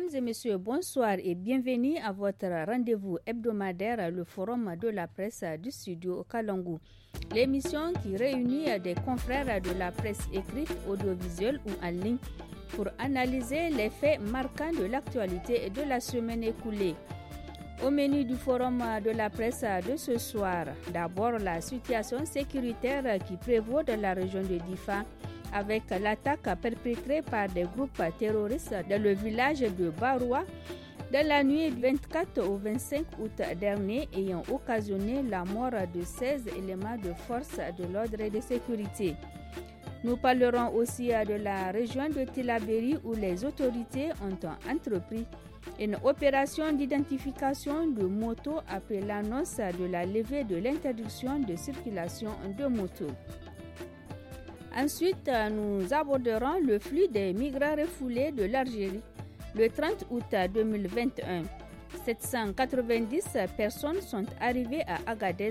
Mesdames et messieurs, bonsoir et bienvenue à votre rendez-vous hebdomadaire, le forum de la presse du studio Kalangu. L'émission qui réunit des confrères de la presse écrite, audiovisuelle ou en ligne pour analyser les faits marquants de l'actualité de la semaine écoulée. Au menu du forum de la presse de ce soir, d'abord la situation sécuritaire qui prévaut dans la région de Difa avec l'attaque perpétrée par des groupes terroristes dans le village de Baroua dans la nuit du 24 au 25 août dernier ayant occasionné la mort de 16 éléments de force de l'ordre et de sécurité. Nous parlerons aussi de la région de Tilaberi où les autorités ont entrepris une opération d'identification de motos après l'annonce de la levée de l'interdiction de circulation de motos. Ensuite, euh, nous aborderons le flux des migrants refoulés de l'Algérie. Le 30 août 2021, 790 personnes sont arrivées à Agadez,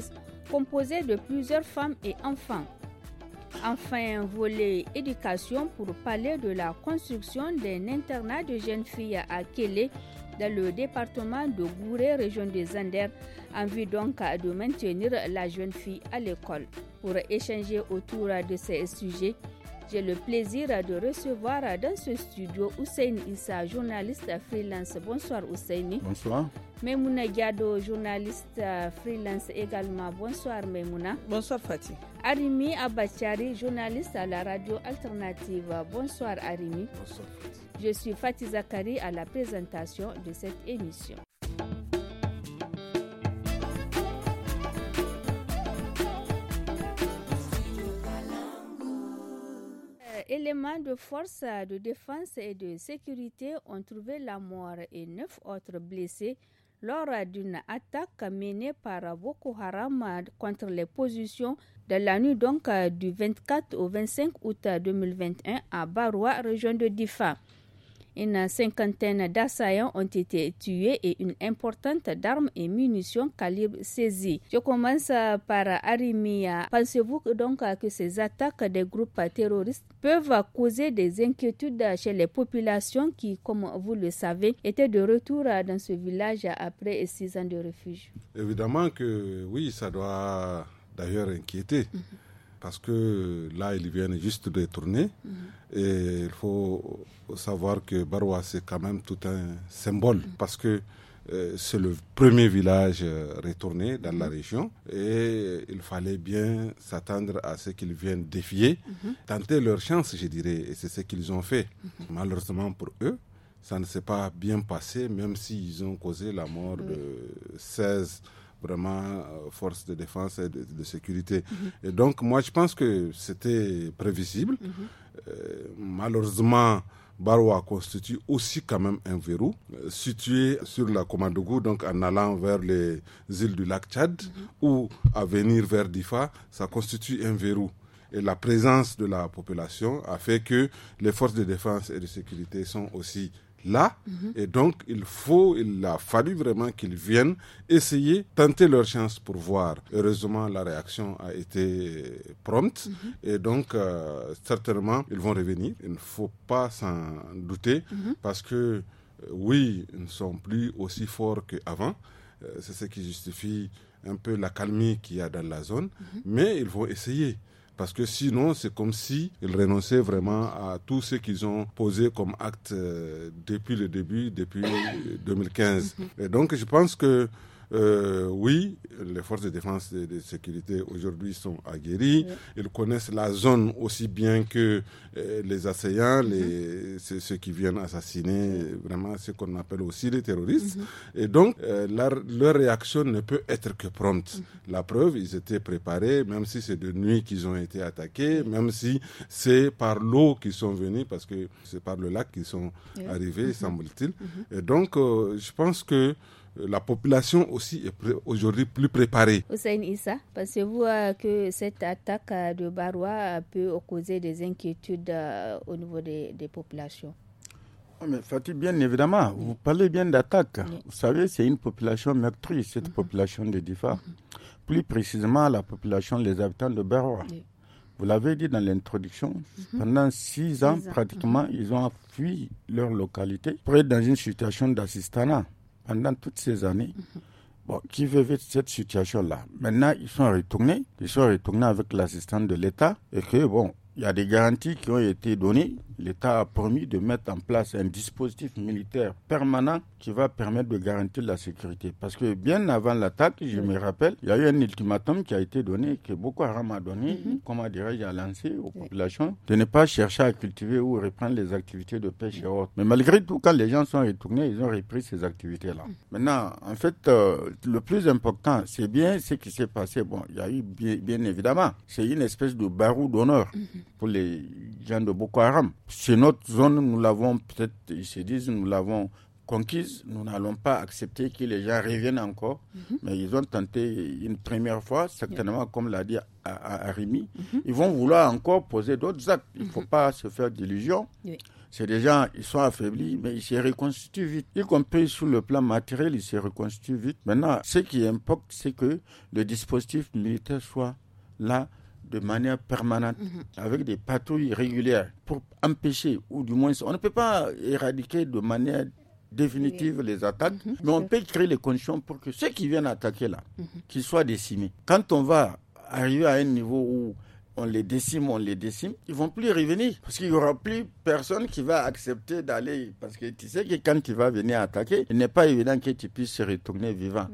composées de plusieurs femmes et enfants. Enfin, volet éducation pour parler de la construction d'un internat de jeunes filles à Kélé dans le département de Gouré, région des Anders, en vue donc de maintenir la jeune fille à l'école. Pour échanger autour de ces sujets, j'ai le plaisir de recevoir dans ce studio Hussein Issa, journaliste freelance. Bonsoir Hussein. Bonsoir. Memouna Gado, journaliste freelance également. Bonsoir Memouna. Bonsoir Fatih. Arimi Abachari, journaliste à la radio alternative. Bonsoir Arimi. Bonsoir Fatih. Je suis Fatih Zakari à la présentation de cette émission. Euh, éléments de force de défense et de sécurité ont trouvé la mort et neuf autres blessés lors d'une attaque menée par Boko Haram contre les positions de la nuit donc euh, du 24 au 25 août 2021 à Barwa, région de Difa. Une cinquantaine d'assaillants ont été tués et une importante d'armes et munitions calibre saisies. Je commence par Arimia. Pensez-vous donc que ces attaques des groupes terroristes peuvent causer des inquiétudes chez les populations qui, comme vous le savez, étaient de retour dans ce village après six ans de refuge Évidemment que oui, ça doit d'ailleurs inquiéter. Mhm parce que là, ils viennent juste de retourner mhm. Et il faut savoir que Barwa, c'est quand même tout un symbole, mhm. parce que euh, c'est le premier village euh, retourné dans la mhm. région et il fallait bien s'attendre à ce qu'ils viennent défier, tenter leur chance, je dirais, et c'est ce qu'ils ont fait. Malheureusement pour eux, ça ne s'est pas bien passé, même s'ils ont causé la mort de 16 vraiment euh, forces de défense et de, sécurité. Mhm. Et donc, moi, je pense que c'était prévisible. Mhm. Euh, malheureusement, Barwa constitue aussi quand même un verrou euh, situé sur la goût donc en allant vers les îles du lac Tchad mhm. ou à venir vers Difa, ça constitue un verrou. Et la présence de la population a fait que les forces de défense et de sécurité sont aussi là. Mhm. Et donc, il faut, il a fallu vraiment qu'ils viennent essayer, tenter leur chance pour voir. Heureusement, la réaction a été prompte. Mhm. Et donc, euh, certainement, ils vont revenir. Il ne faut pas s'en douter mhm. parce que, euh, oui, ils ne sont plus aussi forts qu'avant. Euh, c'est ce qui justifie un peu la calmie qu'il y a dans la zone. Mais ils vont essayer. Parce que sinon, c'est comme si ils renonçaient vraiment à tout ce qu'ils ont posé comme acte euh, depuis le début, depuis 2015. Euh, mm-hmm. Et donc, je pense que euh, oui, les forces de défense et de sécurité aujourd'hui sont aguerries. Ils connaissent la zone aussi bien que euh, les assaillants, les, mhm. ceux qui viennent assassiner, vraiment ce qu'on appelle aussi les terroristes. Mhm. Et donc, euh, leur, réaction ne peut être que prompte. Mhm. La preuve, ils étaient préparés, même si c'est de nuit qu'ils ont été attaqués, même si c'est par l'eau qu'ils sont venus, parce que c'est par le lac qu'ils sont arrivés, semble-t-il. Et donc, euh, je pense que la population aussi est aujourd'hui plus préparée. Hussein Issa, pensez-vous euh, que cette attaque euh, de Barwa euh, peut causer des inquiétudes au niveau des, populations oh, mais Fatih, bien évidemment, vous parlez bien d'attaque. Vous savez, c'est une population meurtrie, cette mhm. population de Difa. Mhm. Plus précisément, la population, les habitants de Barwa. Vous l'avez dit dans l'introduction, mhm. pendant six ans, pratiquement, ils ont fui leur localité, pour être dans une situation d'assistanat pendant toutes ces années. Bon, qui vivait cette situation-là. Maintenant, ils sont retournés. Ils sont retournés avec l'assistance de l'État et que, bon, il y a des garanties qui ont été données l'État a promis de mettre en place un dispositif militaire permanent qui va permettre de garantir la sécurité. Parce que bien avant l'attaque, je me rappelle, il y a eu un ultimatum qui a été donné, que Boko Haram a donné, mhm. comment dirais-je, a lancé aux populations, de ne pas chercher à cultiver ou reprendre les activités de pêche et autres. Mais malgré tout, quand les gens sont retournés, ils ont repris ces activités-là. Mhm. Maintenant, en fait, euh, le plus important, c'est bien ce qui s'est passé. Bon, il y a eu bien, évidemment, c'est une espèce de barreau d'honneur mhm. pour les gens de Boko Haram c'est notre zone, nous l'avons peut-être, ils se disent, nous l'avons conquise, nous n'allons pas accepter que les gens reviennent encore. Mhm. Mais ils ont tenté une première fois, certainement, comme l'a dit Arimi. Mhm. Ils vont vouloir encore poser d'autres actes. Il ne faut mhm. pas se faire d'illusions. Oui. C'est des gens, ils sont affaiblis, mais ils se reconstituent vite. Y compris sur le plan matériel, ils se reconstituent vite. Maintenant, ce qui importe, c'est que le dispositif militaire soit là de manière permanente, mhm. avec des patrouilles régulières pour empêcher, ou du moins, on ne peut pas éradiquer de manière définitive les attaques, mhm. mais on peut créer les conditions pour que ceux qui viennent attaquer là, mhm. qu'ils soient décimés. Quand on va arriver à un niveau où on les décime, on les décime, ils vont plus revenir. Parce qu'il n'y aura plus personne qui va accepter d'aller. Parce que tu sais que quand tu vas venir attaquer, il n'est pas évident que tu puisses se retourner vivant.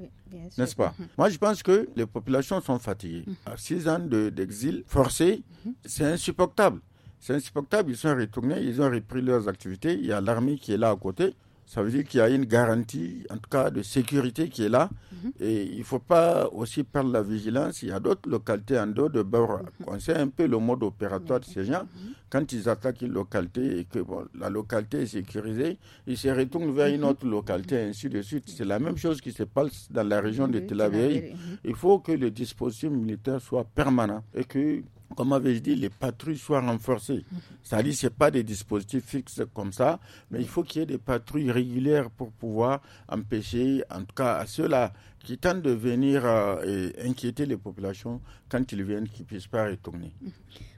N'est-ce pas mhm. Moi, je pense que les populations sont fatiguées. Mhm. six ans d'exil forcé, mhm. c'est insupportable. C'est insupportable. Ils sont retournés, ils ont repris leurs activités. Il y a l'armée qui est là à côté. Ça veut dire qu'il y a une garantie, en tout cas de sécurité qui est là. Mhm. Et il ne faut pas aussi perdre la vigilance. Il y a d'autres localités en dehors de Baura. Mhm. On sait un peu le mode opératoire de ces gens. Mhm. Quand ils attaquent une localité et que la localité est sécurisée, ils se retournent vers une autre localité, ainsi de suite. C'est la même chose qui se passe dans la région de Tel Aviv. Il faut que le dispositif militaire soit permanent et que comme avais-je dit, les patrouilles soient renforcées. C'est-à-dire, ce pas des dispositifs fixes comme ça, mais il faut qu'il y ait des patrouilles régulières pour pouvoir empêcher, en tout cas à ceux-là qui tentent de venir euh, et inquiéter les populations quand ils viennent, qu'ils ne puissent pas retourner. Mm-hmm.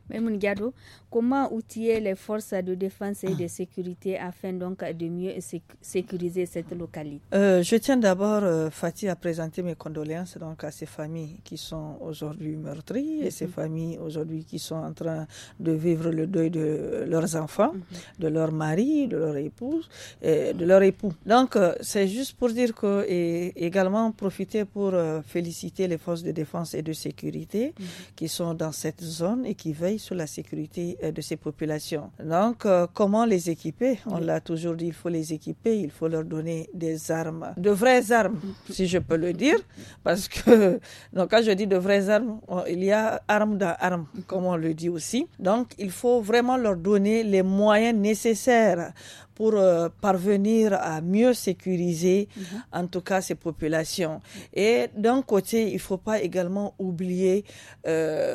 Mme Gado, comment outiller les forces de défense et de ah. sécurité afin donc de mieux sécuriser cette localité euh, Je tiens d'abord, euh, Fatih, à présenter mes condoléances donc à ces familles qui sont aujourd'hui meurtries et ces mhm. familles aujourd'hui qui sont en train de vivre le deuil de leurs enfants, mhm. de leur mari, de leur épouse, et de leur époux. Donc, euh, c'est juste pour dire que et également profiter pour féliciter les forces de défense et de sécurité mhm. qui sont dans cette zone et qui veillent sur la sécurité euh, de ces populations. Donc, euh, comment les équiper On l'a toujours dit, il faut les équiper, il faut leur donner des armes, de vraies armes, si je peux le dire, parce que donc quand je dis de vraies armes, il y a armes dans armes, comme on le dit aussi. Donc, il faut vraiment leur donner les moyens nécessaires pour euh, parvenir à mieux sécuriser, mhm. en tout cas, ces populations. Et d'un côté, il ne faut pas également oublier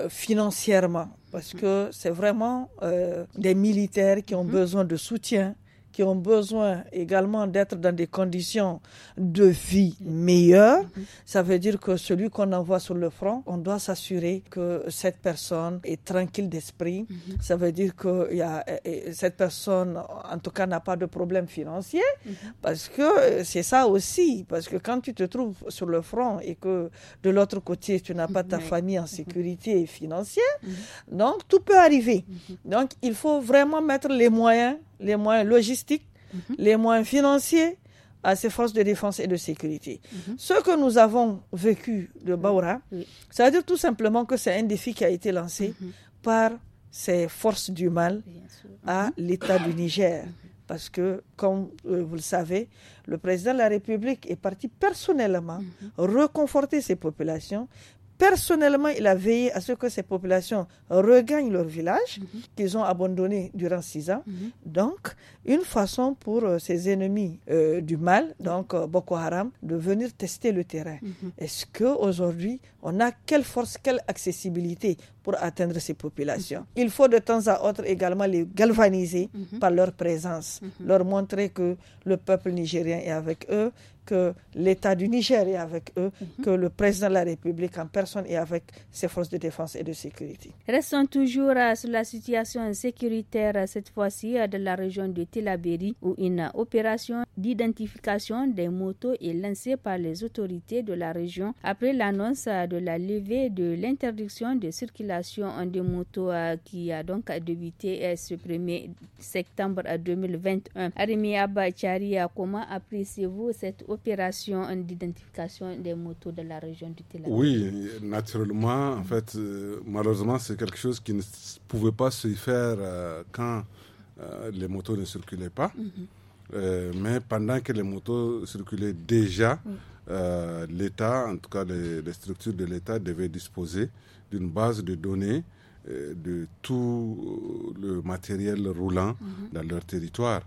financièrement parce mm. que c'est vraiment euh, des militaires qui ont mm. besoin de soutien qui ont besoin également d'être dans des conditions de vie meilleures, ça veut dire que celui qu'on envoie sur le front, on doit s'assurer que cette personne est tranquille d'esprit. Mhm. Ça veut dire que y a, cette personne, en tout cas, n'a pas de problème financier, mhm. parce que euh, c'est ça aussi, parce que quand tu te trouves sur le front et que de l'autre côté, tu n'as pas ta famille en mhm. sécurité financière, donc tout peut arriver. Donc il faut vraiment mettre les moyens les moyens logistiques, mhm. les moyens financiers à ces forces de défense et de sécurité. Mhm. Ce que nous avons vécu de Baura, ça veut dire tout simplement que c'est un défi qui a été lancé mhm. par ces forces du mal à l'État du Niger. Parce que, comme euh, vous le savez, le président de la République est parti personnellement reconforter ces populations, Personnellement, il a veillé à ce que ces populations regagnent leur village mhm. qu'ils ont abandonné durant six ans. Mhm. Donc, une façon pour euh, ces ennemis euh, du mal, donc euh, Boko Haram, de venir tester le terrain. Mhm. Est-ce que aujourd'hui, on a quelle force, quelle accessibilité pour atteindre ces populations Il faut de temps à autre également les galvaniser par leur présence, leur montrer que le peuple nigérien est avec eux, que l'État du Niger est avec eux, mhm. que le président de la République en personne est avec ses forces de défense et de sécurité. Restons toujours sur la situation sécuritaire, cette fois-ci de la région de Telabéry, où une opération d'identification des motos est lancée par les autorités de la région après l'annonce de la levée de l'interdiction de circulation des motos euh, qui a donc débuté euh, ce 1er septembre 2021. Arimi Abachari, euh, comment appréciez-vous cette opération opération d'identification des motos de la région du Télé. Oui, naturellement. En fait, euh, malheureusement, c'est quelque chose qui ne pouvait pas se faire euh, quand euh, les motos ne circulaient pas. Mhm. mais pendant que les motos circulaient déjà, l'État, en tout cas les, structures de l'État, devaient disposer d'une base de données de tout le matériel roulant mhm. dans leur territoire.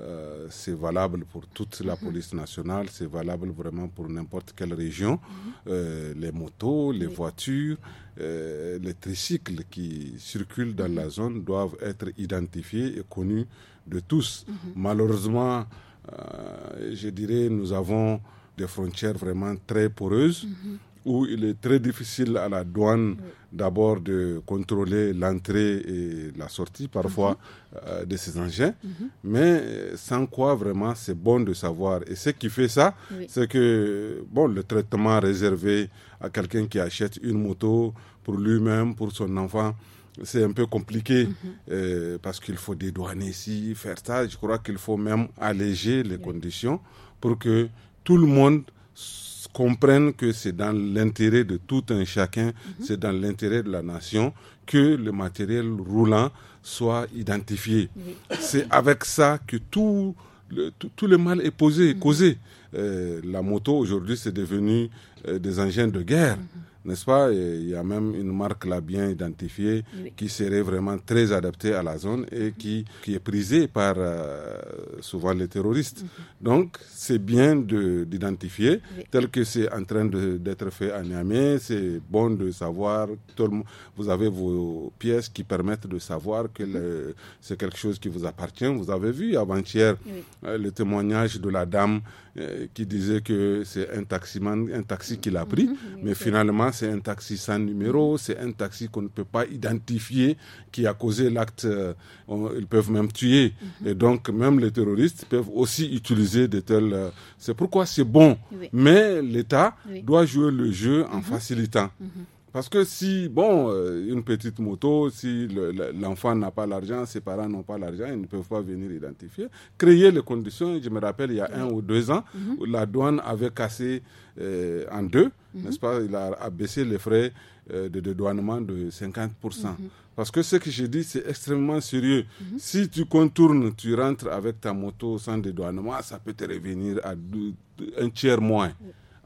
Euh, c'est valable pour toute la police nationale, c'est valable vraiment pour n'importe quelle région. Mhm. Euh, les motos, les voitures, euh, les tricycles qui circulent dans la mhm. zone doivent être identifiés et connus de tous. Mhm. Malheureusement, je dirais, nous avons des frontières vraiment très poreuses où il est très difficile à la douane d'abord de contrôler l'entrée et la sortie parfois mhm. euh, de ces engins, mhm. mais euh, sans quoi vraiment c'est bon de savoir. Et ce qui fait ça, c'est que bon, le traitement réservé à quelqu'un qui achète une moto pour lui-même, pour son enfant, c'est un peu compliqué mhm. euh, parce qu'il faut dédouaner ici, faire ça. Je crois qu'il faut même alléger les conditions pour que tout le monde comprennent que c'est dans l'intérêt de tout un chacun, mhm. c'est dans l'intérêt de la nation que le matériel roulant soit identifié. C'est avec ça que tout le, tout, le mal est posé, mhm. causé. Euh, la moto aujourd'hui, c'est devenu euh, des engins de guerre. Mhm n'est-ce pas Il y a même une marque là bien identifiée qui serait vraiment très adaptée à la zone et qui, qui est prisée par euh, souvent les terroristes. Mhm. Donc c'est bien d'identifier tel que c'est en train d'être fait à Niamey. C'est bon de savoir, tout vous avez vos pièces qui permettent de savoir que mhm. c'est quelque chose qui vous appartient. Vous avez vu avant-hier euh, le témoignage de la dame euh, qui disait que c'est un taximan, un taxi qu'il a mhm. pris, mhm. mais finalement c'est un taxi sans numéro, mhm. c'est un taxi qu'on ne peut pas identifier qui a causé l'acte. Euh, ils peuvent même tuer. Et donc même les terroristes peuvent aussi utiliser de tels. Euh, c'est pourquoi c'est bon, mais l'État doit jouer le jeu en facilitant. Parce que si, bon, euh, une petite moto, si l'enfant n'a pas l'argent, ses parents n'ont pas l'argent, ils ne peuvent pas venir identifier. Créer les conditions, je me rappelle, il y a un ou deux ans, mhm. la douane avait cassé euh, en deux, mhm. n'est-ce pas Il a baissé les frais euh, de dédouanement de 50%. Mhm. Parce que ce que j'ai dit, c'est extrêmement sérieux. Si tu contournes, tu rentres avec ta moto sans dédouanement, ça peut te revenir à un tiers moins.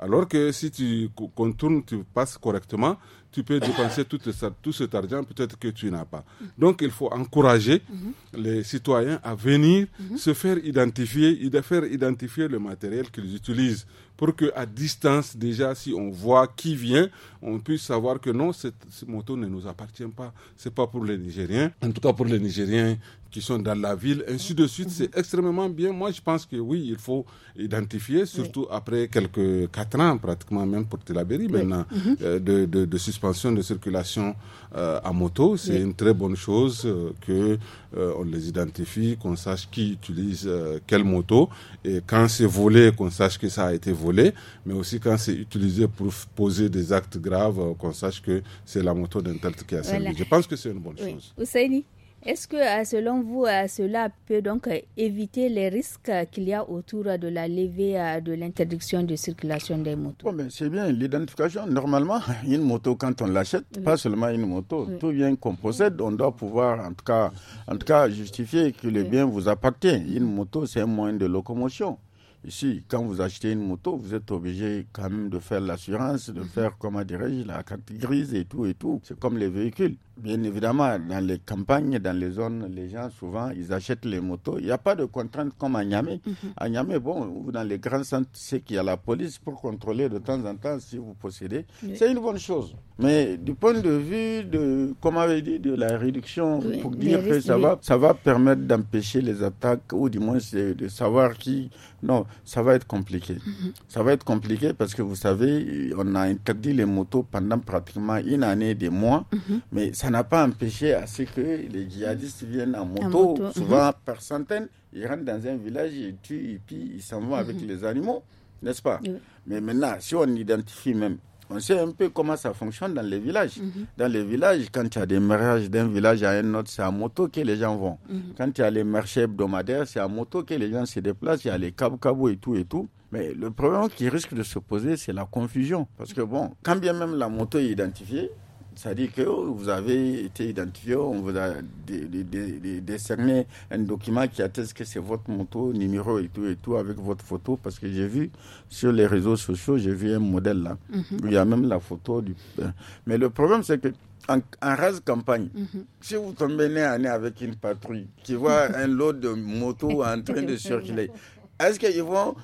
Alors que si tu contournes, tu passes correctement, tu peux dépenser tout, tout cet argent peut-être que tu n'as pas. Donc il faut encourager mhm. les citoyens à venir mhm. se faire identifier, faire identifier le matériel qu'ils utilisent pour qu'à distance déjà si on voit qui vient on puisse savoir que non cette, moto ne nous appartient pas c'est pas pour les Nigériens en tout cas pour les Nigériens qui sont dans la ville, ainsi de suite. C'est mhm. extrêmement bien. Moi, je pense que oui, il faut identifier, surtout après quelques quatre ans, pratiquement même pour Tilaberi maintenant, mhm. euh, de, de, suspension de circulation euh, à moto. C'est une très bonne chose qu'on euh, que on les identifie, qu'on sache qui utilise quelle moto et quand c'est volé, qu'on sache que ça a été volé, mais aussi quand c'est utilisé pour poser des actes graves, qu'on sache que c'est la moto d'un tel qui a servi. Je pense que c'est une bonne chose. Ousseini. Est-ce que, euh, selon vous, euh, cela peut donc euh, éviter les risques qu'il y a autour de la levée de l'interdiction de circulation des motos ben, C'est bien l'identification. Normalement, une moto, quand on l'achète, pas seulement une moto, tout bien qu'on possède, on doit pouvoir, en tout cas, en tout cas justifier que le bien vous appartient. Une moto, c'est un moyen de locomotion. Ici, quand vous achetez une moto, vous êtes obligé quand même de faire l'assurance, de mhm. faire, comment dirais-je, la carte grise et tout et tout. C'est comme les véhicules. Bien évidemment, dans les campagnes, dans les zones, les gens, souvent, ils achètent les motos. Il n'y a pas de contrainte comme à Niamey. Mhm. À Niamey, bon, dans les grands centres, c'est qu'il y a la police pour contrôler de temps en temps si vous possédez. C'est une bonne chose. Mais du point de vue de, comme avait dit, de la réduction, pour dire que ça, va, ça va permettre d'empêcher les attaques ou du moins de, savoir qui. Non, ça va être compliqué. Mhm. Ça va être compliqué parce que vous savez, on a interdit les motos pendant pratiquement une année, des mois. Mhm. Mais ça on n'a pas empêché à ce que les djihadistes viennent en moto, souvent mhm. par centaines. Ils rentrent dans un village, ils tuent, et puis ils s'en vont avec mhm. les animaux, n'est-ce pas Mais maintenant, si on identifie même, on sait un peu comment ça fonctionne dans les villages. Mhm. Dans les villages, quand tu as des mariages d'un village à un autre, c'est en moto que les gens vont. Quand tu as les marchés hebdomadaires, c'est en moto que les gens se déplacent, il y a les cab-cabos et tout et tout. Mais le problème qui risque de se poser, c'est la confusion. Parce que bon, quand bien même la moto est identifiée, cest à que oh, vous avez été identifié, oh, on vous a décerné un document qui atteste que c'est votre moto, numéro et tout, et tout, avec votre photo. Parce que j'ai vu sur les réseaux sociaux, j'ai vu un modèle là. Mhm. Il y a même la photo du. Euh, mais le problème, c'est que. En, rase campagne, mhm. si vous tombez nez à avec une patrouille qui voit un lot de motos en train de circuler, est-ce qu'ils vont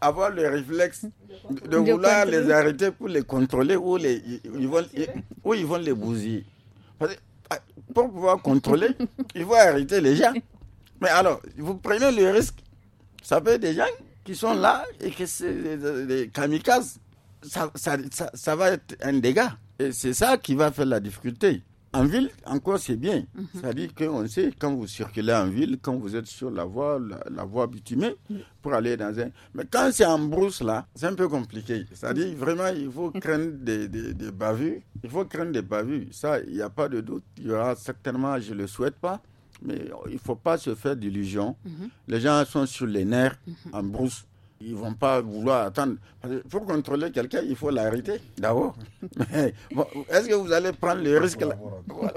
avoir le réflexe de, vouloir les arrêter pour les contrôler ou, les, ils, vont, ils vont les bousiller. pour pouvoir contrôler, il faut arrêter les gens. Mais alors, vous prenez le risque. Ça peut être des gens qui sont là et que c'est des, kamikazes. ça, ça, ça, va être un dégât. Et c'est ça qui va faire la difficulté. En ville, encore, c'est bien. Mhm. C'est-à-dire qu'on sait, quand vous circulez en ville, quand vous êtes sur la voie, la, voie bitumée, pour aller dans un... Mais quand c'est en brousse, là, c'est un peu compliqué. C'est-à-dire, vraiment, il faut craindre des, des, des, bavures. Il faut craindre des bavures. Ça, il n'y a pas de doute. Il y aura certainement, je ne le souhaite pas, mais il ne faut pas se faire d'illusions. Mhm. Les gens sont sur les nerfs mhm. en brousse. Ils vont pas vouloir attendre. Pour contrôler quelqu'un, il faut l'arrêter d'abord. Est-ce que vous allez prendre le risque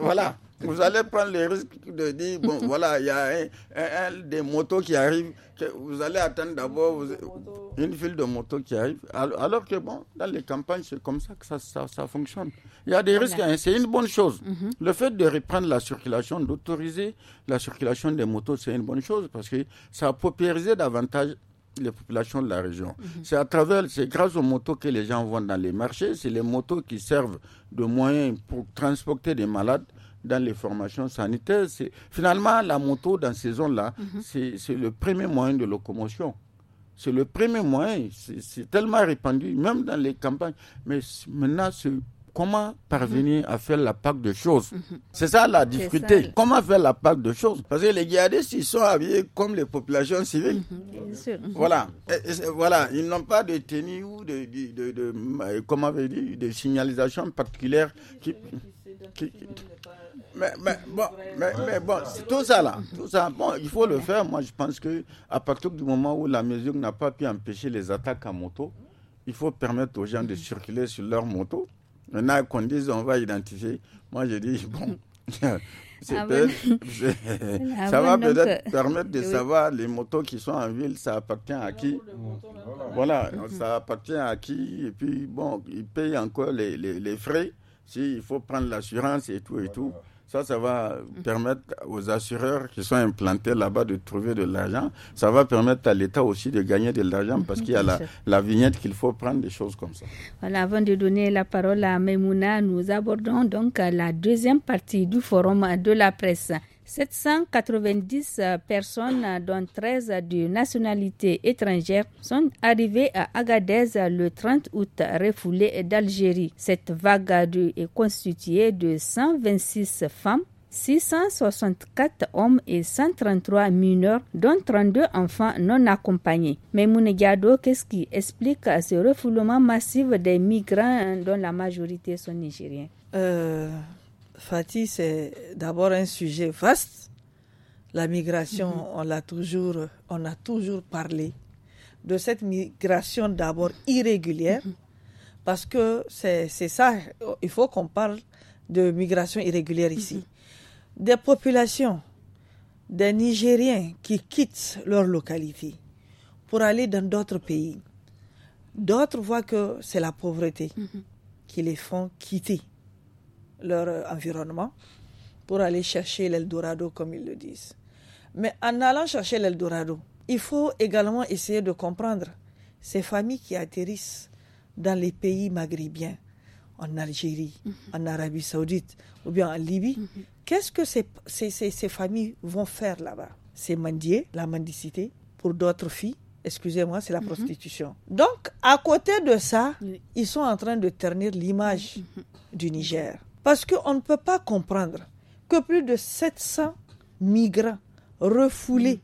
Voilà. Vous allez prendre le risque de dire bon, voilà, il y a un, des motos qui arrivent. Que vous allez attendre d'abord une file de motos qui arrive. Alors que, bon, dans les campagnes, c'est comme ça que ça, ça, fonctionne. Il y a des risques. Hein. C'est une bonne chose. Mhm. Le fait de reprendre la circulation, d'autoriser la circulation des motos, c'est une bonne chose parce que ça a paupérisé davantage les populations de la région. Mhm. C'est à travers, c'est grâce aux motos que les gens vont dans les marchés. C'est les motos qui servent de moyens pour transporter des malades dans les formations sanitaires. Finalement, la moto dans ces zones-là, mhm. c'est le premier moyen de locomotion. C'est le premier moyen. C'est tellement répandu, même dans les campagnes. Mais maintenant, c'est Comment parvenir à faire la PAC de choses mhm. Mhm. C'est ça la difficulté. Comment faire la PAC de choses Parce que les djihadistes, ils sont habillés comme les populations civiles. Mhm, voilà. voilà. Ils n'ont pas de tenue ou de, euh, comment de signalisation particulière qui, mais, bon, c'est tout ça là, tout ça, il faut le faire. Moi, je pense que à partir du moment où la mesure n'a pas pu empêcher les attaques à moto, il faut permettre aux gens de circuler sur leur moto. Maintenant qu'on dise on va identifier, moi je dis bon. ça va peut-être permettre de savoir les motos qui sont en ville, ça appartient à qui. Voilà, ça appartient à qui. Et puis, bon, ils payent encore les, les, frais. S'il faut prendre l'assurance et tout et tout. Ça, ça va permettre aux assureurs qui sont implantés là-bas de trouver de l'argent. Ça va permettre à l'État aussi de gagner de l'argent parce qu'il y a la, vignette qu'il faut prendre, des choses comme ça. Voilà, avant de donner la parole à Memouna, nous abordons donc la deuxième partie du forum de la presse. 790 euh, personnes, euh, dont 13 euh, de nationalité étrangère, sont arrivées à Agadez le 30 août, refoulées d'Algérie. Cette vague est constituée de 126 femmes 664 hommes et 133 mineurs, dont 32 enfants non accompagnés. Mais Mounegado, qu'est-ce qui explique ce refoulement massif des migrants dont la majorité sont nigériens Fatih, c'est d'abord un sujet vaste. La migration, mhm. on l'a toujours, on a toujours parlé de cette migration d'abord irrégulière, mhm. parce que c'est ça, il faut qu'on parle de migration irrégulière ici. Mhm. Des populations, des Nigériens qui quittent leur localité pour aller dans d'autres pays. D'autres voient que c'est la pauvreté qui les font quitter leur environnement pour aller chercher l'Eldorado, comme ils le disent. Mais en allant chercher l'Eldorado, il faut également essayer de comprendre ces familles qui atterrissent dans les pays maghrébiens, en Algérie, mhm. en Arabie saoudite ou bien en Libye. Mhm. Qu'est-ce que ces, ces, ces, familles vont faire là-bas C'est mendier, la mendicité, pour d'autres filles. Excusez-moi, c'est la mhm. prostitution. Donc, à côté de ça, ils sont en train de ternir l'image du Niger. Parce qu'on ne peut pas comprendre que plus de 700 migrants refoulés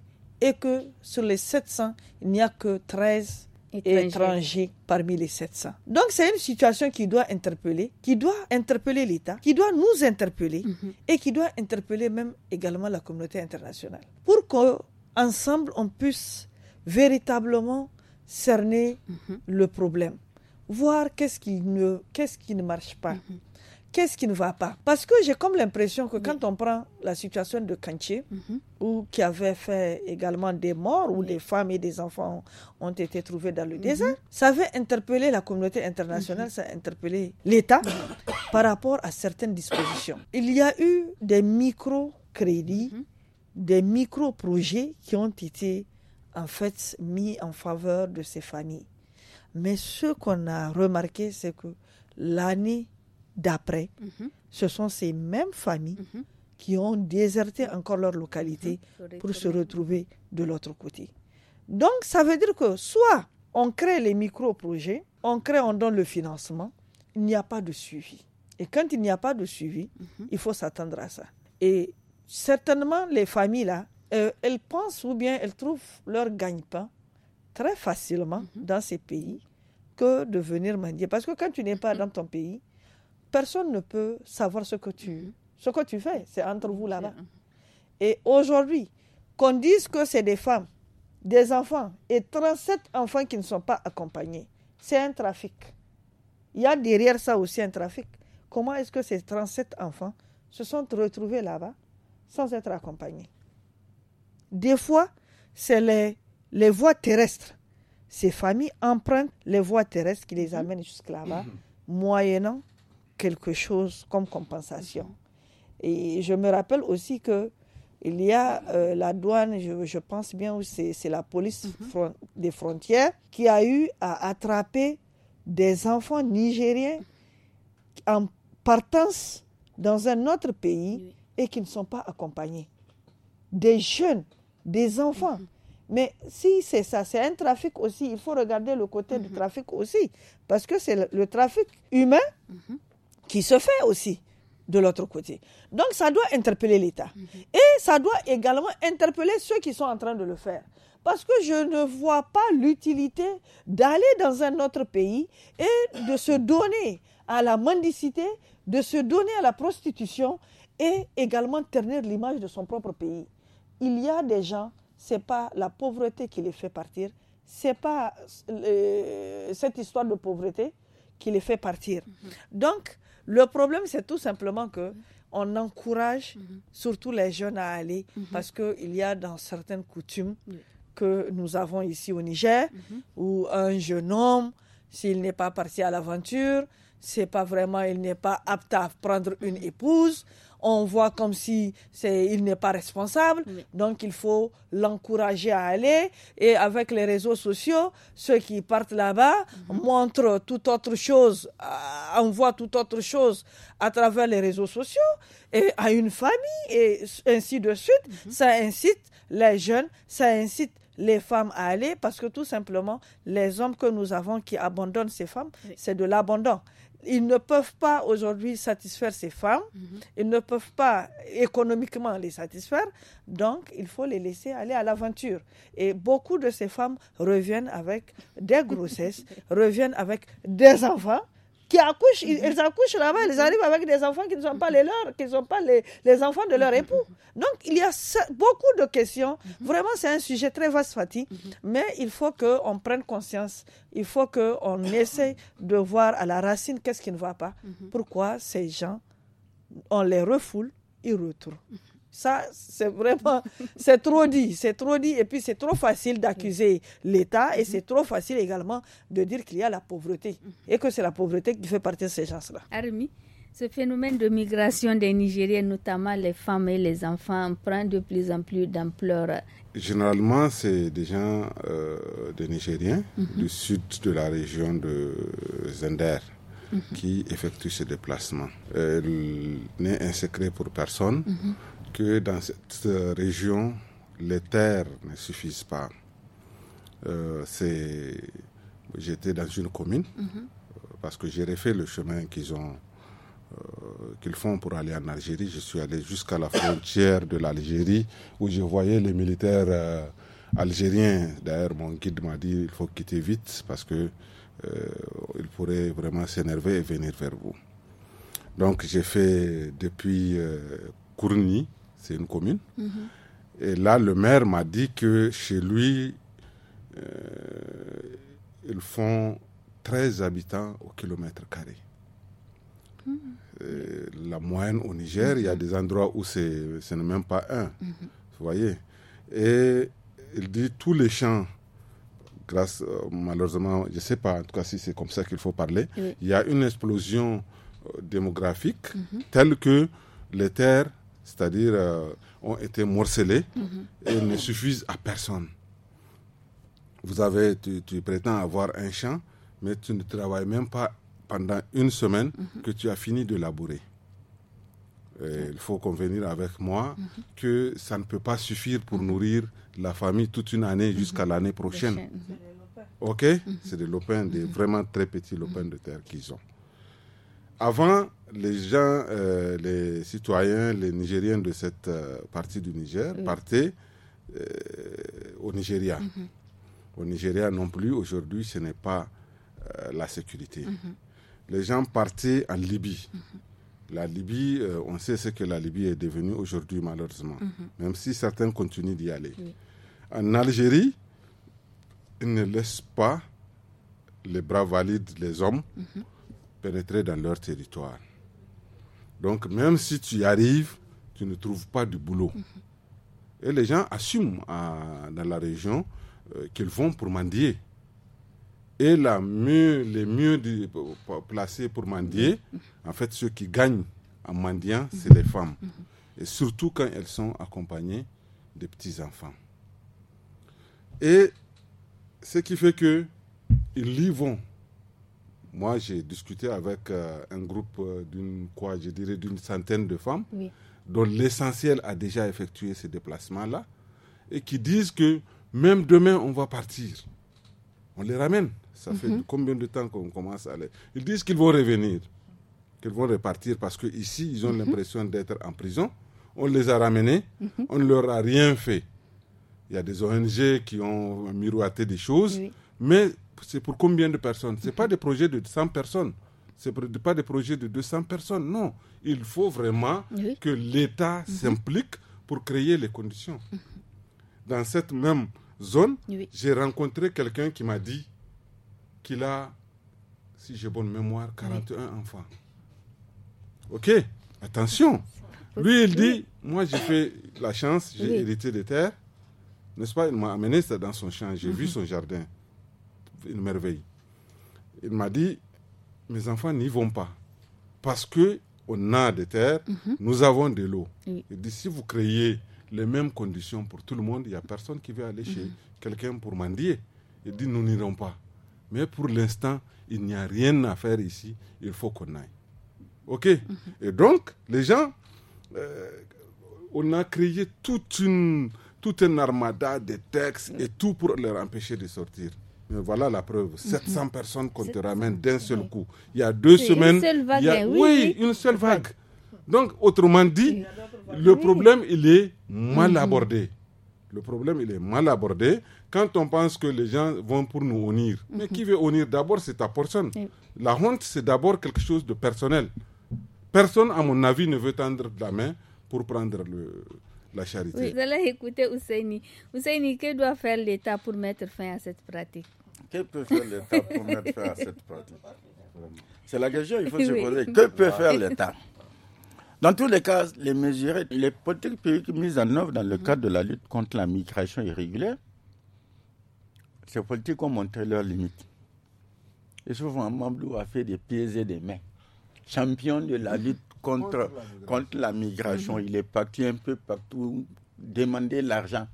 mm. et que sur les 700, il n'y a que 13 étrangers parmi les 700. Donc c'est une situation qui doit interpeller, qui doit interpeller l'État, qui doit nous interpeller mm-hmm. et qui doit interpeller même également la communauté internationale pour qu'ensemble on puisse véritablement cerner mm-hmm. le problème, voir qu'est-ce qui ne marche pas. Mm-hmm qu'est-ce qui ne va pas Parce que j'ai comme l'impression que quand on prend la situation de Kantier, mhm. où, qui avait fait également des morts, où des femmes et des enfants ont été trouvés dans le mhm. désert, ça avait interpellé la communauté internationale, mhm. ça a interpellé l'État par rapport à certaines dispositions. Il y a eu des micro-crédits, des micro-projets qui ont été en fait mis en faveur de ces familles. Mais ce qu'on a remarqué, c'est que l'année d'après, mhm. ce sont ces mêmes familles mhm. qui ont déserté encore leur localité mhm. pour se retrouver de l'autre côté. Donc, ça veut dire que soit on crée les micro-projets, on crée, on donne le financement, il n'y a pas de suivi. Et quand il n'y a pas de suivi, il faut s'attendre à ça. Et certainement, les familles là, euh, elles pensent ou bien elles trouvent leur gagne-pain très facilement dans ces pays que de venir mendier. Parce que quand tu n'es pas dans ton pays, personne ne peut savoir ce que tu, mm-hmm. ce que tu fais. C'est entre vous là-bas. Mm-hmm. Et aujourd'hui, qu'on dise que c'est des femmes, des enfants et 37 enfants qui ne sont pas accompagnés, c'est un trafic. Il y a derrière ça aussi un trafic. Comment est-ce que ces 37 enfants se sont retrouvés là-bas sans être accompagnés Des fois, c'est les, les voies terrestres. Ces familles empruntent les voies terrestres qui les mm-hmm. amènent jusque là-bas, moyennant quelque chose comme compensation. Mhm. Et je me rappelle aussi que il y a euh, la douane, je, je, pense bien, où c'est la police mhm. des frontières qui a eu à attraper des enfants nigériens en partance dans un autre pays et qui ne sont pas accompagnés. Des jeunes, des enfants. Mhm. Mais si c'est ça, c'est un trafic aussi. Il faut regarder le côté du trafic aussi. Parce que c'est le, trafic humain qui se fait aussi de l'autre côté. Donc ça doit interpeller l'État. Mhm. Et ça doit également interpeller ceux qui sont en train de le faire. Parce que je ne vois pas l'utilité d'aller dans un autre pays et de se donner à la mendicité, de se donner à la prostitution et également ternir l'image de son propre pays. Il y a des gens, c'est pas la pauvreté qui les fait partir, c'est pas euh, cette histoire de pauvreté qui les fait partir. Mhm. Donc le problème, c'est tout simplement que on encourage mhm. surtout les jeunes à aller mhm. parce qu'il y a dans certaines coutumes que nous avons ici au Niger mhm. où un jeune homme, s'il n'est pas parti à l'aventure, c'est pas vraiment, il n'est pas apte à prendre une épouse on voit comme si c'est, il n'est pas responsable. Donc, il faut l'encourager à aller. Et avec les réseaux sociaux, ceux qui partent là-bas mhm. montrent tout autre chose, euh, On voit tout autre chose à travers les réseaux sociaux et à une famille et ainsi de suite. Mhm. Ça incite les jeunes, ça incite les femmes à aller parce que tout simplement, les hommes que nous avons qui abandonnent ces femmes, c'est de l'abandon ils ne peuvent pas aujourd'hui satisfaire ces femmes, mhm. ils ne peuvent pas économiquement les satisfaire, donc il faut les laisser aller à l'aventure. Et beaucoup de ces femmes reviennent avec des grossesses, reviennent avec des enfants, qui accouchent, ils, mhm. accouchent là-bas, ils mhm. arrivent avec des enfants qui ne sont pas les leurs, qui ne sont pas les, les, enfants de leur mhm. époux. Donc, il y a beaucoup de questions. Vraiment, c'est un sujet très vaste, Fatih, mais il faut qu'on prenne conscience, il faut qu'on essaye de voir à la racine qu'est-ce qui ne va pas, pourquoi ces gens, on les refoule, ils retournent. Ça, c'est vraiment, c'est trop dit, c'est trop dit. Et puis, c'est trop facile d'accuser l'État et c'est trop facile également de dire qu'il y a la pauvreté et que c'est la pauvreté qui fait partie de ces gens-là. Armi, ce phénomène de migration des Nigériens, notamment les femmes et les enfants, prend de plus en plus d'ampleur. Généralement, c'est des gens, euh, des Nigériens, mhm. du sud de la région de Zender. Mhm. qui effectuent ces déplacements. Elle euh, n'est un secret pour personne. Mhm que dans cette euh, région, les terres ne suffisent pas. Euh, j'étais dans une commune mhm. euh, parce que j'ai refait le chemin qu'ils ont qu'ils font pour aller en Algérie. Je suis allé jusqu'à la frontière de l'Algérie où je voyais les militaires algériens. D'ailleurs, mon guide m'a dit il faut quitter vite parce que ils pourraient vraiment s'énerver et venir vers vous. Donc j'ai fait depuis Courny c'est une commune. Et là, le maire m'a dit que chez lui, euh, ils font 13 habitants au kilomètre carré. Hmm. La moyenne au Niger, il y a hmm. des endroits où ce n'est même pas un. Hmm. Vous voyez Et il dit tous les champs grâce, euh, malheureusement, je ne sais pas, en tout cas si c'est comme ça qu'il faut parler, il y a une explosion euh, démographique telle que les terres c'est-à-dire euh, ont été morcelés et ne suffisent à personne. Vous avez, tu, prétends avoir un champ, mais tu ne travailles même pas pendant une semaine mhm. que tu as fini de labourer. il faut convenir avec moi mhm. que ça ne peut pas suffire pour mhm. nourrir la famille toute une année jusqu'à l'année prochaine. Ok C'est des lopins, des vraiment très petits lopins de terre qu'ils ont. Avant, les gens, euh, les citoyens, les Nigériens de cette euh, partie du Niger mm. partaient euh, au Nigeria. Mm-hmm. Au Nigeria non plus, aujourd'hui, ce n'est pas la sécurité. Mm-hmm. Les gens partaient en Libye. Mm-hmm. La Libye, on sait ce que la Libye est devenue aujourd'hui, malheureusement, même si certains continuent d'y aller. En Algérie, ils ne laissent pas les bras valides, les hommes, pénétrer dans leur territoire. Donc même si tu y arrives, tu ne trouves pas de boulot. Mhm. Et les gens assument euh, dans la région euh, qu'ils vont pour mendier. Et la mieux, les mieux placés pour mendier, mhm. en fait, ceux qui gagnent en mendiant, mhm. c'est les femmes. Et surtout quand elles sont accompagnées de petits-enfants. Et ce qui fait que ils y vont moi j'ai discuté avec euh, un groupe euh, d'une quoi, je dirais d'une centaine de femmes, dont l'essentiel a déjà effectué ces déplacements-là, et qui disent que même demain on va partir. On les ramène. Ça fait mhm. combien de temps qu'on commence à les. Ils disent qu'ils vont revenir, qu'ils vont repartir parce que ici ils ont mhm. l'impression d'être en prison. On les a ramenés, mhm. on ne leur a rien fait. Il y a des ONG qui ont miroité des choses, mais c'est pour combien de personnes Ce n'est pas des projets de 100 personnes. Ce n'est pas des projets de 200 personnes. Non, il faut vraiment que l'État mhm. s'implique pour créer les conditions. Mhm. Dans cette même zone, j'ai rencontré quelqu'un qui m'a dit qu'il a, si j'ai bonne mémoire, 41 enfants. OK, attention. Lui, il dit, moi j'ai fait la chance, j'ai hérité des terres. N'est-ce pas Il m'a amené ça dans son champ, j'ai vu mhm. son jardin une merveille. Il m'a dit, mes enfants n'y vont pas parce que on a des terres, mhm. nous avons de l'eau. Et Il si vous créez les mêmes conditions pour tout le monde, il n'y a personne qui veut aller chez mhm. quelqu'un pour mendier. Il dit, nous n'irons pas. Mais pour l'instant, il n'y a rien à faire ici, il faut qu'on aille. OK mhm. Et donc, les gens, euh, on a créé toute une, toute un armada de textes et tout pour leur empêcher de sortir. Euh, voilà la preuve. 700 mhm. personnes qu'on te ramène d'un seul coup. Il y a deux semaines. Une seule vague. Il y a, oui, une seule vague. Donc, autrement dit, le problème, il est mal mhm. abordé. Le problème, il est mal abordé quand on pense que les gens vont pour nous honir. Mais mhm. qui veut unir D'abord, c'est ta personne. La honte, c'est d'abord quelque chose de personnel. Personne, à mon avis, ne veut tendre la main pour prendre le, la charité. vous allez écouter Ousseini. Ousseini, que doit faire l'État pour mettre fin à cette pratique que peut faire l'État pour mettre fin à cette pratique C'est la question qu'il faut se poser. Que peut faire l'État Dans tous les cas, les mesures, les politiques publiques mises en œuvre dans le mhm. cadre de la lutte contre la migration irrégulière, ces politiques ont montré leurs limites. Et souvent, Mamblou a fait des pieds et des mains. Champion de la lutte mhm. contre, contre la migration, il est parti un peu partout demander l'argent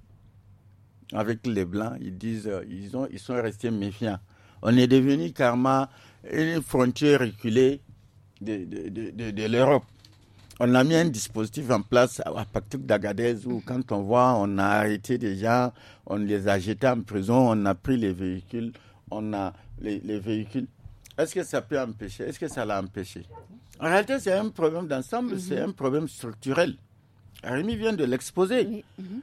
avec les Blancs, ils disent euh, ils, ont, ils sont restés méfiants. On est devenu karma une frontière reculée de, de, de, l'Europe. On a mis un dispositif en place à partir d'Agadez où quand on voit, on a arrêté des gens, on les a jetés en prison, on a pris les véhicules, on a les, véhicules. Est-ce que ça peut empêcher Est-ce que ça l'a empêché En réalité, c'est un problème d'ensemble, mhm. c'est un problème structurel. Rémi vient de l'exposer. Mhm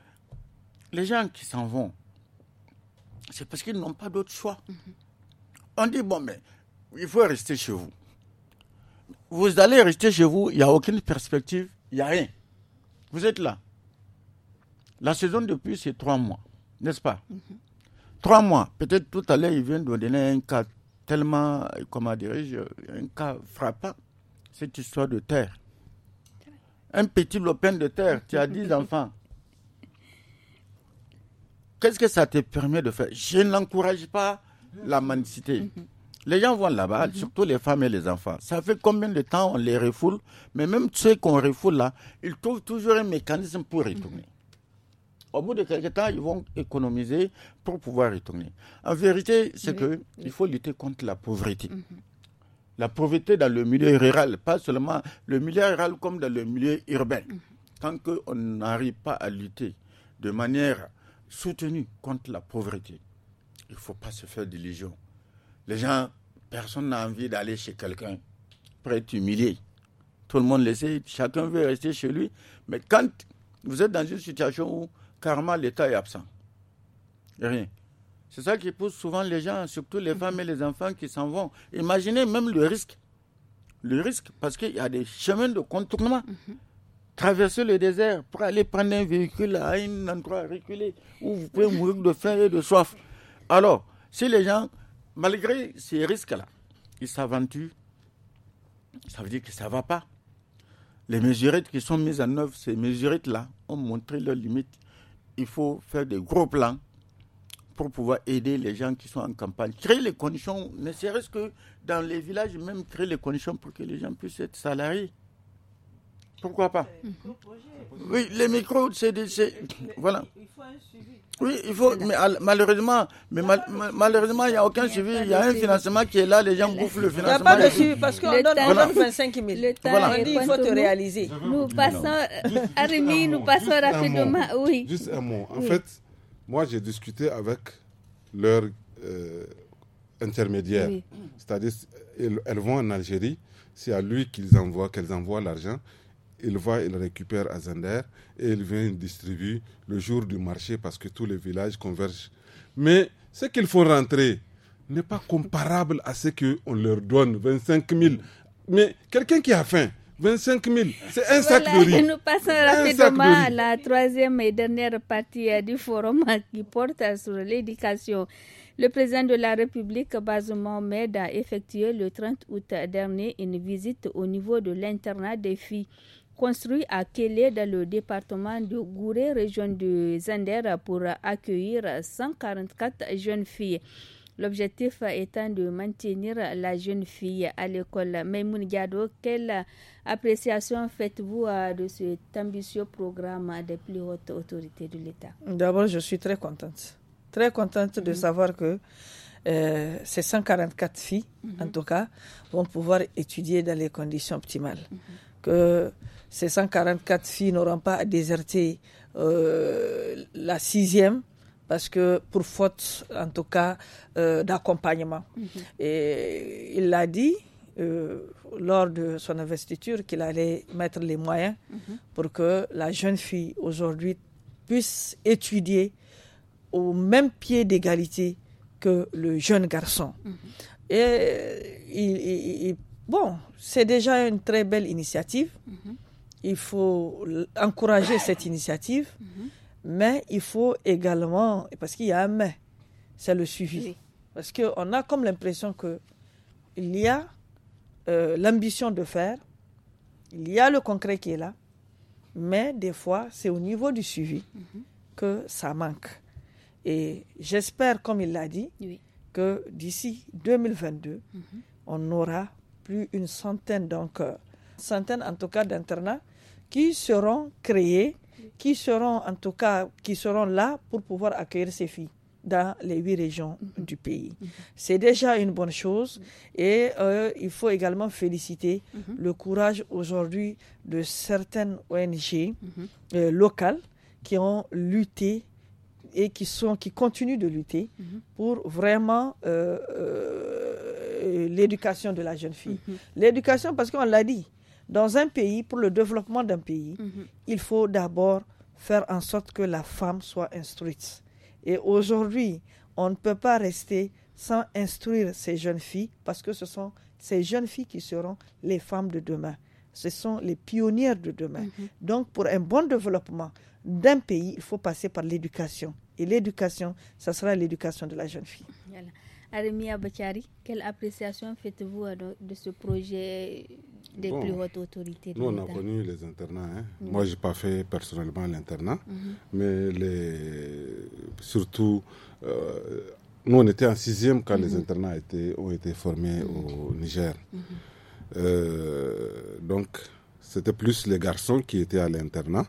les gens qui s'en vont, c'est parce qu'ils n'ont pas d'autre choix. Mhm. On dit, bon, mais il faut rester chez vous. Vous allez rester chez vous, il n'y a aucune perspective, il n'y a rien. Vous êtes là. La saison de pluie, c'est trois mois, n'est-ce pas mhm. Trois mois. Peut-être tout à l'heure, ils viennent de donner un cas tellement, comment dirais-je, un cas frappant, cette histoire de terre. Un petit lopin de terre, tu as dix enfants. Qu'est-ce que ça te permet de faire Je n'encourage pas la manicité. Mhm. Les gens vont là-bas, mhm. surtout les femmes et les enfants. Ça fait combien de temps on les refoule Mais même ceux qu'on refoule là, ils trouvent toujours un mécanisme pour retourner. Mhm. Au bout de quelques temps, ils vont économiser pour pouvoir retourner. En vérité, c'est qu'il faut lutter contre la pauvreté. La pauvreté dans le milieu rural, pas seulement le milieu rural comme dans le milieu urbain. Tant qu'on n'arrive pas à lutter de manière soutenu contre la pauvreté. Il ne faut pas se faire d'illusions. Les gens, personne n'a envie d'aller chez quelqu'un pour être humilié. Tout le monde le sait, chacun veut rester chez lui. Mais quand vous êtes dans une situation où carrément l'État est absent, rien. C'est ça qui pousse souvent les gens, surtout les femmes et les enfants qui s'en vont. Imaginez même le risque. Le risque, parce qu'il y a des chemins de contournement. Mhm traverser le désert pour aller prendre un véhicule à un endroit reculé où vous pouvez mourir de faim et de soif. Alors, si les gens, malgré ces risques-là, ils s'aventurent, ça veut dire que ça ne va pas. Les mesurettes qui sont mises en œuvre, ces mesurettes-là, ont montré leurs limites. Il faut faire des gros plans pour pouvoir aider les gens qui sont en campagne. Créer les conditions, ne serait-ce que dans les villages, même créer les conditions pour que les gens puissent être salariés. Pourquoi pas Oui, les micros, c'est des. Voilà. Oui, il faut. Mais malheureusement, mais malheureusement, il n'y a aucun suivi. Il y a un financement qui est là, les gens bouffent le financement. Il n'y a pas de suivi parce qu'on donne, voilà. 25 000. voilà. On dit il faut te réaliser. Nous passons, euh, Arimi, nous passons rapidement. Oui. Juste un mot. En fait, moi, j'ai discuté avec leur euh, intermédiaire. C'est-à-dire, elles, vont en Algérie. C'est à lui qu'ils envoient, qu'elles envoient l'argent il va, il récupère à et il vient, distribuer le jour du marché parce que tous les villages convergent. Mais ce qu'ils font rentrer n'est pas comparable à ce qu'on leur donne, 25 000. Mais quelqu'un qui a faim, 25 000, c'est un sac de riz. Nous passons rapidement à la troisième et dernière partie euh, du forum qui porte sur l'éducation. Le président de la République, Bazoum Mohamed, a effectué le 30 août dernier une visite au niveau de l'internat des filles construit à Kélé dans le département de Gouré, région de Zander, pour accueillir 144 jeunes filles. L'objectif étant de maintenir la jeune fille à l'école. Maimoun Gado, quelle appréciation faites-vous euh, de cet ambitieux programme des plus hautes autorités de l'État D'abord, je suis très contente. Très contente de mhm. savoir que euh, ces 144 filles, en mhm. tout cas, vont pouvoir étudier dans les conditions optimales. Mhm. Que ces 144 filles n'auront pas à déserter euh, la sixième parce que pour faute, en tout cas, euh, d'accompagnement. Mhm. Et il l'a dit euh, lors de son investiture qu'il allait mettre les moyens mhm. pour que la jeune fille aujourd'hui puisse étudier au même pied d'égalité que le jeune garçon. Mhm. Et bon, c'est déjà une très belle initiative il faut encourager cette initiative, mais il faut également, parce qu'il y a un mais, c'est le suivi. Parce qu'on a comme l'impression que il y a euh, l'ambition de faire, il y a le concret qui est là, mais des fois, c'est au niveau du suivi que ça manque. Et j'espère, comme il l'a dit, que d'ici 2022, on aura plus une centaine donc, centaines en tout cas d'internats qui seront créés, qui seront en tout cas, qui seront là pour pouvoir accueillir ces filles dans les huit régions mhm. du pays. Mhm. C'est déjà une bonne chose et euh, il faut également féliciter mhm. le courage aujourd'hui de certaines ONG euh, locales qui ont lutté et qui, sont, qui continuent de lutter pour vraiment euh, l'éducation de la jeune fille. L'éducation, parce qu'on l'a dit, dans un pays, pour le développement d'un pays, mhm. il faut d'abord faire en sorte que la femme soit instruite. Et aujourd'hui, on ne peut pas rester sans instruire ces jeunes filles, parce que ce sont ces jeunes filles qui seront les femmes de demain. Ce sont les pionnières de demain. Mhm. Donc, pour un bon développement d'un pays, il faut passer par l'éducation. Et l'éducation, ce sera l'éducation de la jeune fille. Arimia Bachari, quelle appréciation faites-vous de ce projet des plus hautes autorités Nous, on a connu les internats. Hein. Moi, je n'ai pas fait personnellement l'internat, mhm. mais les... surtout, euh, nous, on était en sixième quand les mhm. internats étaient, ont été formés mhm. au Niger. Euh, donc, c'était plus les garçons qui étaient à l'internat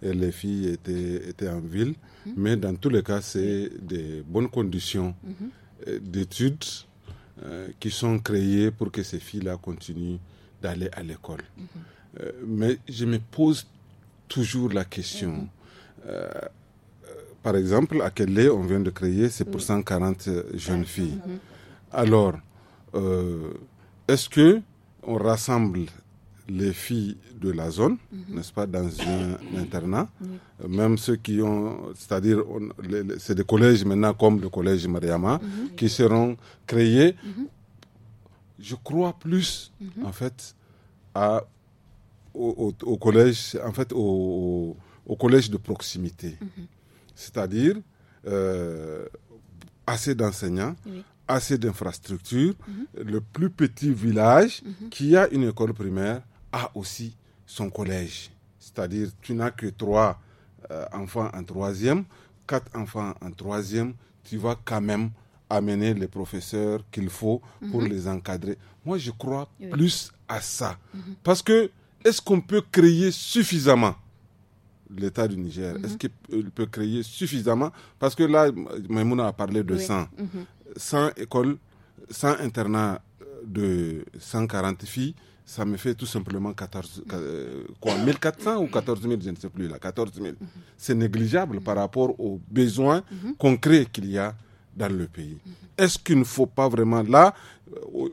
et les filles étaient, étaient en ville. Mais dans tous les cas, c'est des bonnes conditions euh, d'études euh, qui sont créées pour que ces filles-là continuent d'aller à l'école. Mhm. Euh, mais je me pose toujours la question. Mhm. par exemple, à Kelley, on vient de créer, c'est pour 140 mhm. jeunes filles. Alors, est-ce que on rassemble les filles de la zone, mhm. n'est-ce pas, dans un internat. Euh, même ceux qui ont, c'est-à-dire, c'est des collèges maintenant comme le collège Mariama, mhm. qui seront créés, mhm. je crois plus, en fait, à, au, collège, en fait, au, collège de proximité. C'est-à-dire, euh, assez d'enseignants, assez d'infrastructures, le plus petit village qui a une école primaire, a aussi son collège. C'est-à-dire, tu n'as que trois euh, enfants en troisième, quatre enfants en troisième, tu vas quand même amener les professeurs qu'il faut pour mhm. les encadrer. Moi, je crois plus à ça. Mhm. Parce que, est-ce qu'on peut créer suffisamment l'État du Niger Est-ce mhm. qu'il peut créer suffisamment Parce que là, Maïmouna a parlé de 100. 100 écoles, 100 internats de 140 filles, ça me fait tout simplement 14, 1400 euh, ou 14 000, je ne sais plus là, C'est négligeable par rapport aux besoins concrets qu'il y a dans le pays. Est-ce qu'il ne faut pas vraiment là,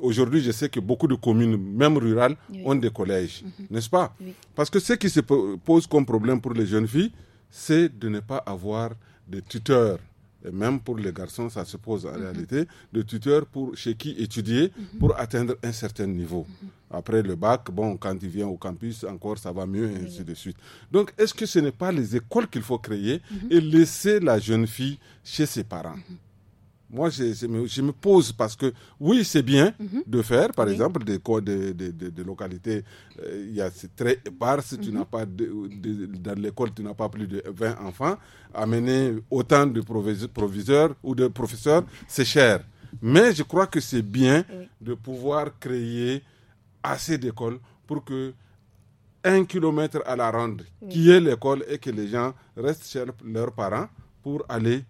aujourd'hui je sais que beaucoup de communes, même rurales, ont des collèges, mhm. n'est-ce pas Parce que ce qui se pose comme problème pour les jeunes filles, c'est de ne pas avoir de tuteurs et même pour les garçons, ça se pose en mhm. réalité, de tuteur pour, chez qui étudier mhm. pour atteindre un certain niveau. Mhm. Après le bac, bon, quand il vient au campus, encore, ça va mieux, ainsi de suite. Donc, est-ce que ce n'est pas les écoles qu'il faut créer et laisser la jeune fille chez ses parents moi, je, me, pose parce que oui, c'est bien mhm. de faire, par exemple, des codes de, localité. localités. Euh, il y a très épars. Tu mhm. n'as pas dans l'école, tu n'as pas plus de 20 enfants. Amener autant de proviseurs ou de professeurs, c'est cher. Mais je crois que c'est bien de pouvoir créer assez d'écoles pour que un kilomètre à la ronde, qui est l'école, et que les gens restent chez leurs parents pour aller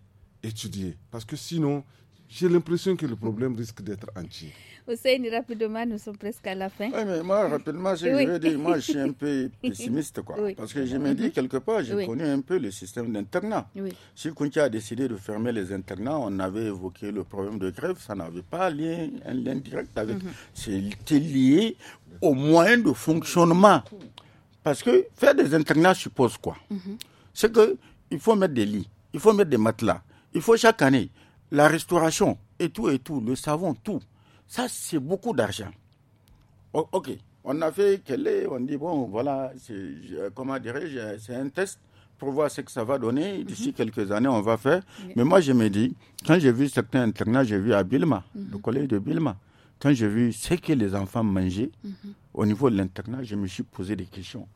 étudier. Parce que sinon, j'ai l'impression que le problème risque d'être entier. Hussein, rapidement, nous sommes presque à la fin. Oui, mais moi, rapidement, je, moi, je suis un peu pessimiste, quoi. Parce que je me dis, quelque part, j'ai connu un peu le système d'internat. Si Kunti a décidé de fermer les internats, on avait évoqué le problème de grève, ça n'avait pas lien, un lien direct avec. Mhm. C'était lié au moyen de fonctionnement. Parce que faire des internats suppose quoi mm que C'est qu'il faut mettre des lits, il faut mettre des matelas, il faut chaque année la restauration et tout et tout, le savon, tout. Ça, c'est beaucoup d'argent. Oh, ok, on a fait quel est, on dit bon, voilà, comment dirais-je, c'est un test pour voir ce que ça va donner. Mhm. D'ici quelques années, on va faire. Mais moi, je me dis, quand j'ai vu certains internats, j'ai vu à Bilma, mhm. le collège de Bilma, quand j'ai vu ce que les enfants mangeaient mhm. au niveau de l'internat, je me suis posé des questions.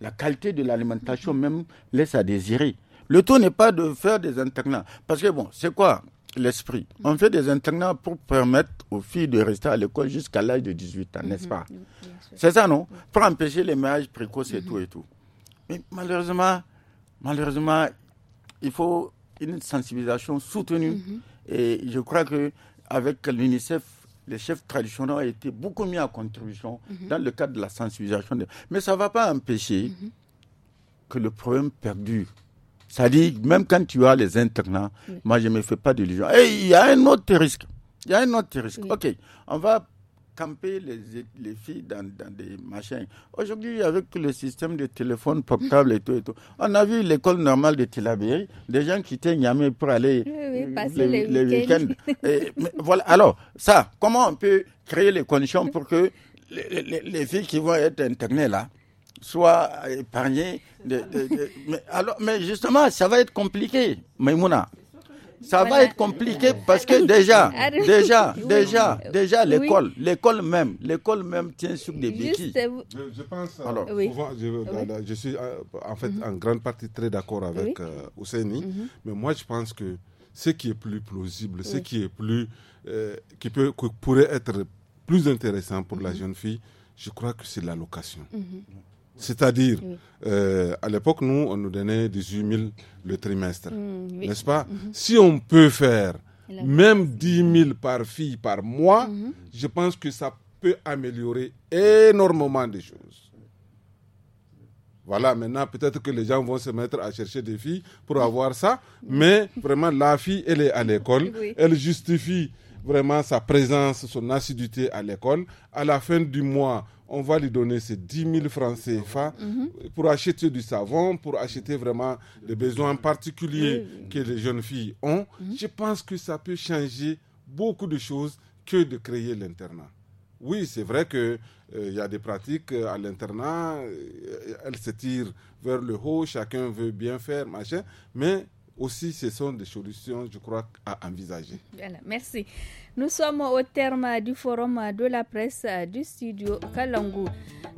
La qualité de l'alimentation même laisse à désirer. Le tout n'est pas de faire des internats. Parce que bon, c'est quoi l'esprit On fait des internats pour permettre aux filles de rester à l'école jusqu'à l'âge de 18 ans, n'est-ce mhm. pas C'est ça, non Pour empêcher les mariages précoces et mhm. tout et tout. Mais malheureusement, malheureusement, il faut une sensibilisation soutenue. Mhm. Et je crois que avec l'UNICEF, les chefs traditionnels ont été beaucoup mis en contribution dans le cadre de la sensibilisation. Mais ça ne va pas empêcher que le problème perdure. Ça dit, même quand tu as les internats, moi je ne me fais pas d'illusions. Et il y a un autre risque. Il y a un autre risque. Ok, on va camper les, filles dans, des machins. Aujourd'hui, avec le système de téléphone portable et tout, et tout on a vu l'école normale de Tilabéry, des gens quittaient Niamey pour aller euh, passer les, week-ends. voilà. Alors, ça, comment on peut créer les conditions pour que les, les filles qui vont être internées là, soit épargné. mais, justement, ça va être compliqué, Maïmouna. Ça va être compliqué parce que déjà, déjà, déjà, déjà, l'école, l'école même, l'école même tient sur des béquilles. Je, pense, euh, alors, je, suis euh, en fait mhm. en grande partie très d'accord avec euh, mhm. mais moi je pense que ce qui est plus plausible, ce qui est plus, euh, qui peut, pourrait être plus intéressant pour la mhm. jeune fille, je crois que c'est l'allocation. location c'est-à-dire, euh, à l'époque, nous, on nous donnait 18 000 le trimestre. Mm, n'est-ce pas mm-hmm. Si on peut faire même 10 000 par fille par mois, mm-hmm. je pense que ça peut améliorer énormément des choses. Voilà, maintenant, peut-être que les gens vont se mettre à chercher des filles pour avoir ça, mm-hmm. mais vraiment, la fille, elle est à l'école, elle justifie vraiment sa présence, son assiduité à l'école. À la fin du mois, on va lui donner ses 10 000 francs CFA mhm. pour acheter du savon, pour acheter vraiment les besoins particuliers que les jeunes filles ont. Mhm. Je pense que ça peut changer beaucoup de choses que de créer l'internat. Oui, c'est vrai qu'il euh, il y a des pratiques euh, à l'internat, euh, elles se tirent vers le haut, chacun veut bien faire, machin, mais aussi, ce sont des solutions, je crois, à envisager. merci. Nous sommes au terme du forum de la presse du studio Kalangu.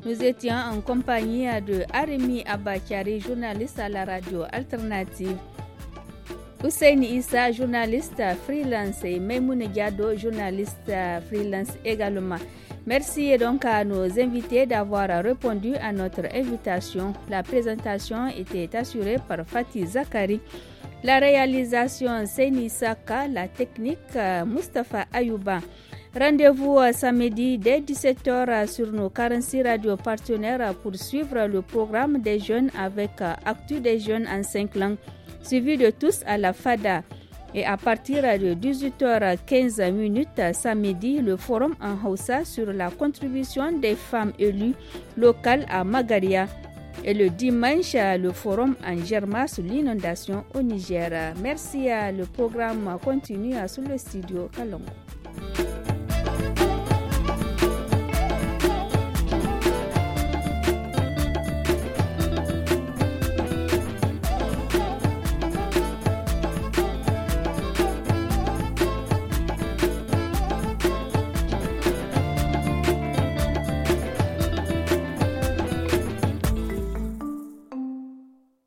Nous étions en compagnie de Arimi Abakari, journaliste à la radio alternative. Hussein Issa, journaliste freelance, et Memoune journaliste freelance également. Merci donc à nos invités d'avoir répondu à notre invitation. La présentation était assurée par Fatih Zakari. La réalisation Seni la technique Mustapha Ayouba. Rendez-vous euh, samedi dès 17h sur nos 46 radios partenaires pour suivre le programme des jeunes avec euh, Actu des jeunes en 5 langues, suivi de tous à la FADA. Et à partir de 18h15 euh, samedi, le forum en Hausa sur la contribution des femmes élues locales à Magaria. Et le dimanche, le forum en germa sur l'inondation au Niger. Merci. Le programme continue sur le studio Kalongo.